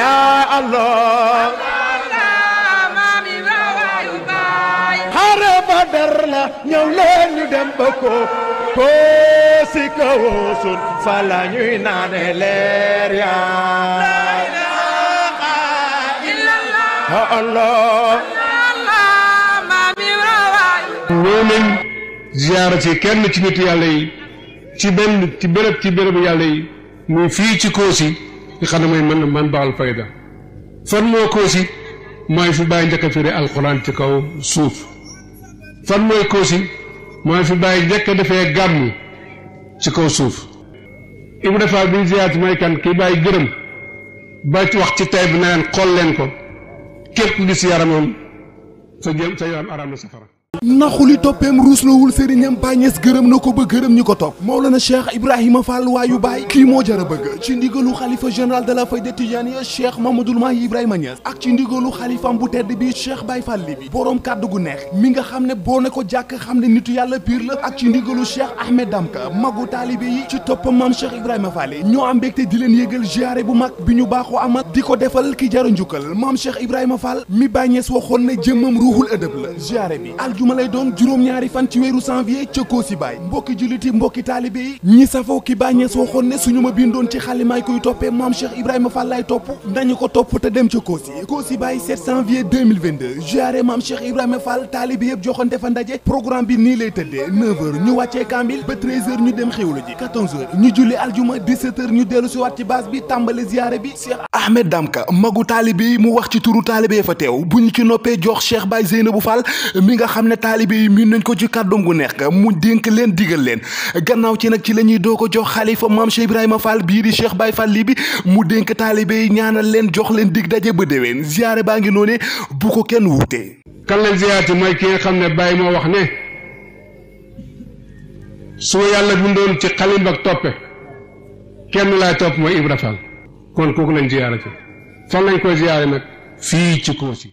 يا الله xare Badar la ñëw leen dem ba ko ko si kaw sun fa la ñuy naane leer ya ya Allah ñoo nañ ziyaara ci kenn ci nit yàlla ci benn ci béréb ci bérébu من في شي كوسي يخلى ما يمن من باع الفايدة فن مو كوسي ما يفي باي ذاك في القران تكو سوف فن مو كوسي ما يفي باي ذاك في غامي تكو سوف ابن فابي زياد ما كان كي باي غرم بات وقت تايب نان قول كيف تجلس يا رمم سجل سيارة أرام السفرة naxuli toppeem ruuslawul sëriñam bàññees gërëm na ko ba gërëm ñi ko topp Mawlana Cheikh Ibrahima Fall waayu baay kii moo jar a bëgg ci ndigalu xalifa général de la Fayda Tijaaniya Cheikh Mamadoul Mahi Ibrahima Niass ak ci ndigalu xalifam bu tedd bi Cheikh Baye Fall bi boroom kàddu gu neex mi nga xam ne boo ne ko jàkk xam ne nitu yàlla piir la ak ci ndigalu Cheikh Ahmed Damka magu taalibe yi ci toppam maam Cheikh Ibrahima Fall ñoo am mbégte di leen yëgal ziare bu mag bi ñu baaxoo amal di ko defal ki jaru njukkal maam Cheikh Ibrahima Fall mi bàññees waxoon ne jëmmam ruuxul ëdëb la ziare bi àjjuma lay doon juróom-ñaari fan ci weeru janvier ca Kosibaay mbokki julliti mbokki taalibe yi ñi safo ki bàññees waxoon ne suñu ma bindoon ci xalimaay koy toppee maam Cheikh Ibrahima Fall lay topp nañu ko topp te dem ca Kosi Kosibaay 7 janvier 2022 jaare maam Cheikh Ibrahima Fall taalibe yëpp joxante fa ndaje programme bi nii lay tëddee 9h ñu wàccee kambil ba 13h ñu dem xewlu ji 14h ñu julli aljuma 17h ñu dellu si wat ci base bi tàmbale ziyaare bi Cheikh Ahmed Damka magu taalibe yi mu wax ci turu taalibe fa teew buñ ci noppee jox Cheikh Baye Zeynabou Fall mi nga xam ne taalibe yi miin nañ ko ci kàddum gu neex ga mu dénk leen digal leen gannaaw ci nag ci la ñuy doo ko jox xalifa maam Cheikh Ibrahima Fall bii di Cheikh Baye Fall lii bi mu dénk taalibe yi ñaanal leen jox leen digg daje ba déwéen ziyaare baa ngi noone bu ko kenn wuute kan lañ ziyaati mooy ki nga xam ne Baye moo wax ne su yàlla dundoon ci xalim ak toppe kenn laay topp mooy Ibra Fall kon kooku lañ ziyaare ci fan lañ koy ziyaare nag fii ci Kossy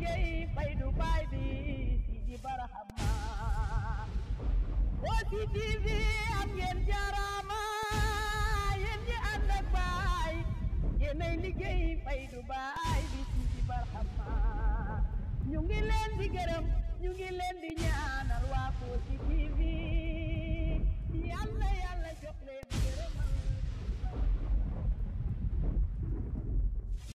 liggéey faydu baay bi Sidi Barhama Kossy TV am ngeen jaarama yéen ñi ànd ak baay yéenay liggéey faydu baay bi Sidi Barhama ñu leen di gërëm ñu leen di ñaanal waa Kossy